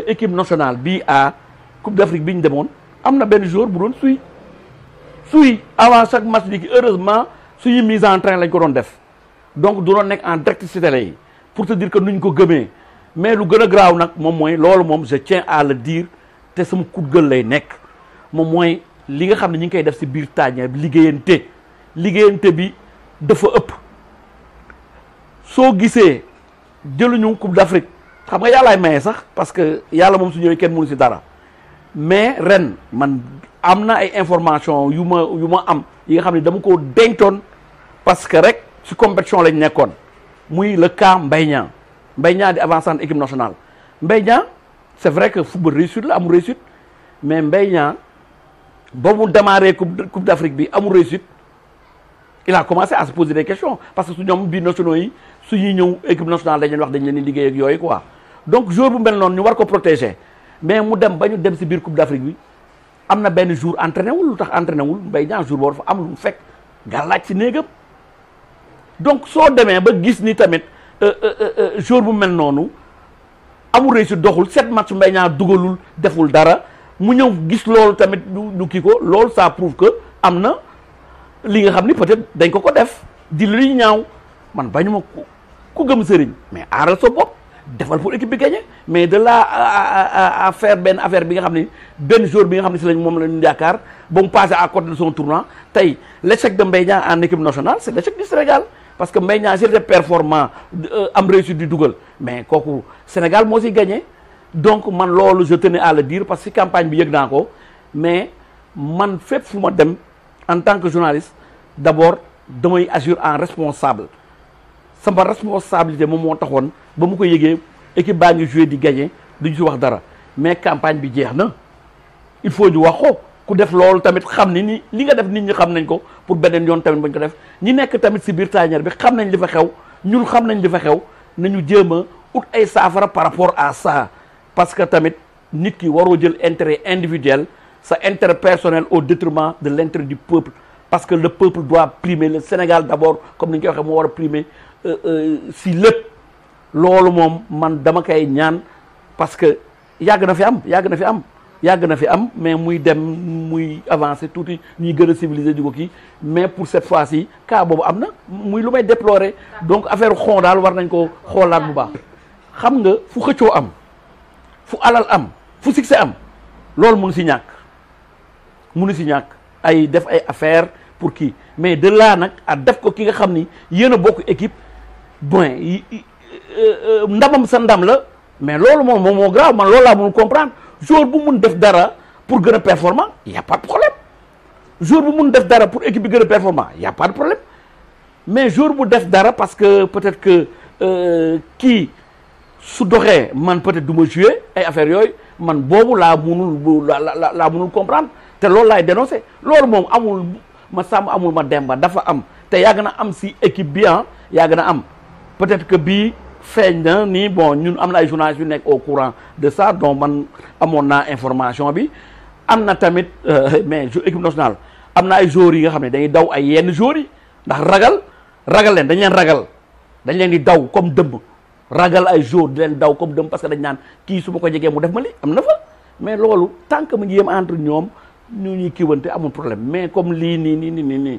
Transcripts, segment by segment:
te équipe nationale bi à coupe d'Afrique Afrique bi ñu demoon am benn jour bu doon suy suy avant chaque match bi heureusement suñu mise en train lañ ko doon def donc du doon nek en direct ci télé pour te dire que nuñ ko gëmé mais lu gëna graw nak mom moy lolu mom je tiens à le dire té sama coup de gueule lay nek mom moy li nga xam ne ñu ngi koy def ci biir tàññeer bi liggéeyante bi dafa ëpp so gisee jëluñu coupe d'Afrique xam nga yàllaay maye sax parce que yàlla moom su ñëwee kenn mënu si dara mais ren man amna ay information yu ma yu ma am yi nga xam ne dama ko parce que rek ci compétition lañ nekkoon muy le cas Mbaye Niang di avançant équipe nationale Mbaye c'est vrai que football réussite la amul réussite mais Mbaye Niang ba mu démarré coupe d'Afrique bi amul réussite il a commencé à se poser des questions parce que su ñom bi nationaux yi su ñëw équipe nationale dañu leen wax dañu leen di ak yoy quoi donc jour bu mel non ñu war ko protéger mais mu dem bañu dem si biir coupe d' bi na jour entraîné wul tax entraîné jour fa am lu donc so demain ba gis ni tamit euh, euh, euh, jour bu mel Amu doxul sept match mbay deful dara mu ñew gis loolu tamit du, kiko ça prouve que nous. li nga xamni peut-être dañ ko mais defal pour équipe bi mais de là à à faire affaire bi nga xam ne jour bi nga xam ne si lañ moom la ñu à côté de son tournoi tey l' échec de Mbaye en équipe nationale c'est est l' du Sénégal parce que Mbaye Niang s' il était performant euh, am réussite du dugal mais kooku Sénégal moo si gagné donc man loolu je tenais à le dire parce que campagne bi yëg naa ko mais man fait fu dem en tant que journaliste d'abord demain assure un en responsable sama responsabilité moom moo taxone ba mu ko yëgee équipe baa ngi joué di gagner duñ ci wax dara mais campagne bi jeex il faut ñu waxo ku def loolu tamit xamni ni li nga def nit ñi xam nañ ko pour beneen yon tamit bañ ko def ñi nekk tamit ci biir tanière bi xam nañ li fa xew ñun xam nañ li fa xew nañu jema out ay safara par rapport à ça parce que tamit nit ki waro jël intérêt individuel sa intérêt personnel au détriment de l'intérêt du peuple parce que le peuple doit primer le Sénégal d'abord comme ni ñu ko waxe mo war primer Euh, euh, si lépp loolu moom man dama koy ñaan parce que yàgg na fi am yàgg na fi am yàgg na fi am mais muy dem muy avancer tuuti ñuy gën a civiliser di ko kii mais pour cette fois si cas boobu am na muy lu may déplorer donc affaire xon daal war nañ ko xoolaat bu baax xam nga fu xëccoo am fu alal am fu succès am loolu mënu si ñàkk mënu si ñàkk ay def ay affaire pour kii mais de là nag a def ko ki nga xam ni yéen a bokk équipe bon euh, euh, ndamam sa ndam la mais lolu mom mo grave man lolu la mënul comprendre jour bu mun def dara pour gëna performant il y' a pas de problème jour bu mun def dara pour équipe bi gëna performant il y' a pas de problème mais jour bu def dara parce que peut-être que qui euh, su doxé man peut-être du ma jouer ay affaire yoy man boobu la munul la la la comprendre té lolu laay dénoncer lolu mom amul ma sam amul ma demba dafa am té yàgg na am si équipe bien ah na am. peut-être que bii feeñ na nii bon ñun am na ay journalistes yu nekk au courant de ça donc man amoon naa information bi am na tamit euh, mais équipe nationale am na ay joueurs yi nga xam ne dañuy daw ay yenn joueurs yi ndax ragal ragal leen dañ leen ragal dañ leen di daw comme dëmm ragal ay joueurs di leen daw comme dëmm parce que dañ naan kii su ma ko jegee mu def ma li am na fa mais loolu tant que mu ngi yem entre ñoom ñu ñuy kiiwante amul problème mais comme lii nii nii nii nii nii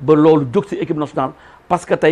ba loolu jóg ci équipe nationale parce que tey